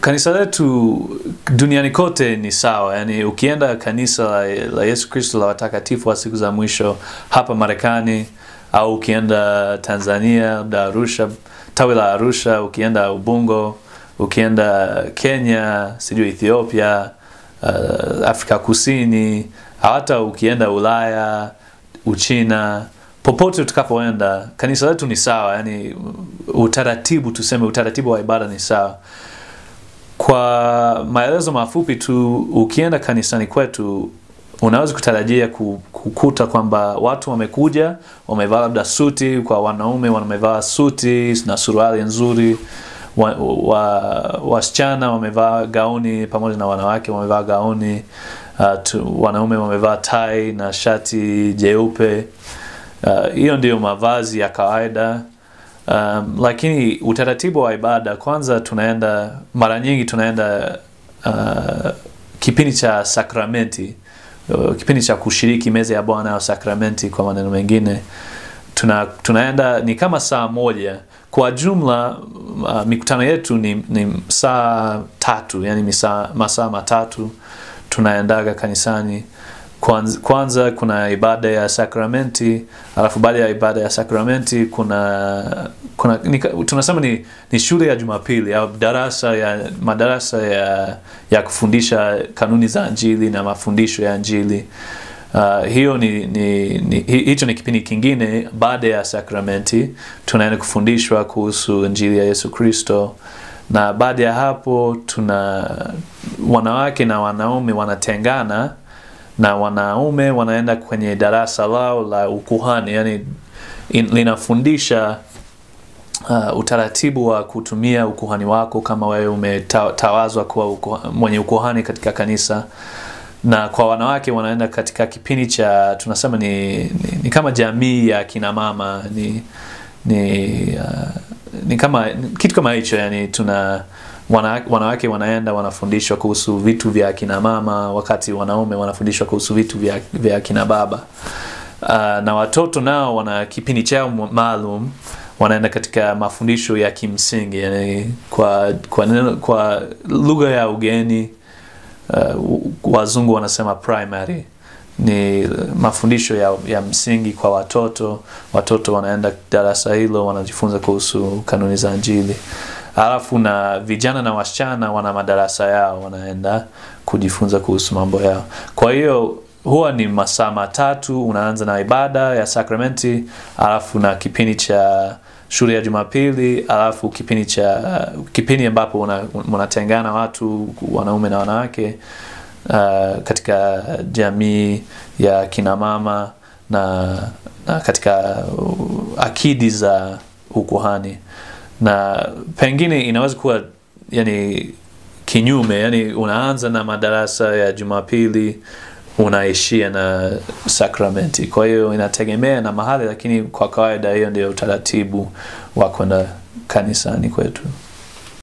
kanisa letu duniani kote ni sawa, yani ukienda kanisa la, la Yesu Kristo la watakatifu wa siku za mwisho hapa Marekani au ukienda Tanzania, labda Arusha, tawi la Arusha, ukienda Ubungo, ukienda Kenya, sijui Ethiopia, uh, Afrika Kusini, hata ukienda Ulaya, Uchina, popote utakapoenda, kanisa letu ni sawa, yani utaratibu, tuseme utaratibu wa ibada ni sawa. Kwa maelezo mafupi tu, ukienda kanisani kwetu unaweza kutarajia kukuta kwamba watu wamekuja wamevaa labda suti, kwa wanaume wamevaa suti na suruali nzuri, wasichana wa, wa wamevaa gauni pamoja na wanawake wamevaa gauni uh, tu, wanaume wamevaa tai na shati jeupe. Uh, hiyo uh, ndiyo mavazi ya kawaida um, lakini utaratibu wa ibada kwanza, tunaenda mara nyingi tunaenda uh, kipindi cha sakramenti uh, kipindi cha kushiriki meza ya Bwana au sakramenti, kwa maneno mengine tuna, tunaenda ni kama saa moja kwa jumla. Uh, mikutano yetu ni, ni saa tatu, yani misa, masaa matatu tunaendaga kanisani kwanza, kwanza kuna ibada ya sakramenti alafu baada ya ibada ya sakramenti kuna, kuna ni, tunasema ni, ni shule ya jumapili au darasa ya madarasa ya, ya kufundisha kanuni za njili na mafundisho ya njili Uh, ah, hiyo ni, ni, ni hicho ni kipindi kingine baada ya sakramenti tunaenda kufundishwa kuhusu njili ya Yesu Kristo na baada ya hapo tuna wanawake na wanaume wanatengana na wanaume wanaenda kwenye darasa lao la ukuhani yani in, linafundisha uh, utaratibu wa kutumia ukuhani wako kama wewe umetawazwa kuwa ukuhani, mwenye ukuhani katika kanisa na kwa wanawake wanaenda katika kipindi cha tunasema ni, ni, ni kama jamii ya kina mama ni ni, uh, ni kama kitu kama hicho yani tuna wanawake wanaenda wanafundishwa kuhusu vitu vya akina mama, wakati wanaume wanafundishwa kuhusu vitu vya, vya akina baba. Uh, na watoto nao wana kipindi chao maalum wanaenda katika mafundisho ya kimsingi yani kwa, kwa, kwa lugha ya ugeni uh, wazungu wanasema primary ni mafundisho ya, ya msingi kwa watoto. Watoto wanaenda darasa hilo, wanajifunza kuhusu kanuni za Injili alafu na vijana na wasichana wana madarasa yao wanaenda kujifunza kuhusu mambo yao kwa hiyo huwa ni masaa matatu unaanza na ibada ya sakramenti alafu na kipindi cha shule ya Jumapili, alafu kipindi cha kipindi ambapo mnatengana watu wanaume na wanawake uh, katika jamii ya kina mama na, na katika uh, akidi za ukuhani na pengine inaweza kuwa yani kinyume yani unaanza na madarasa ya jumapili unaishia na sakramenti kwa hiyo inategemea na mahali lakini kwa kawaida hiyo ndio utaratibu wa kwenda kanisani kwetu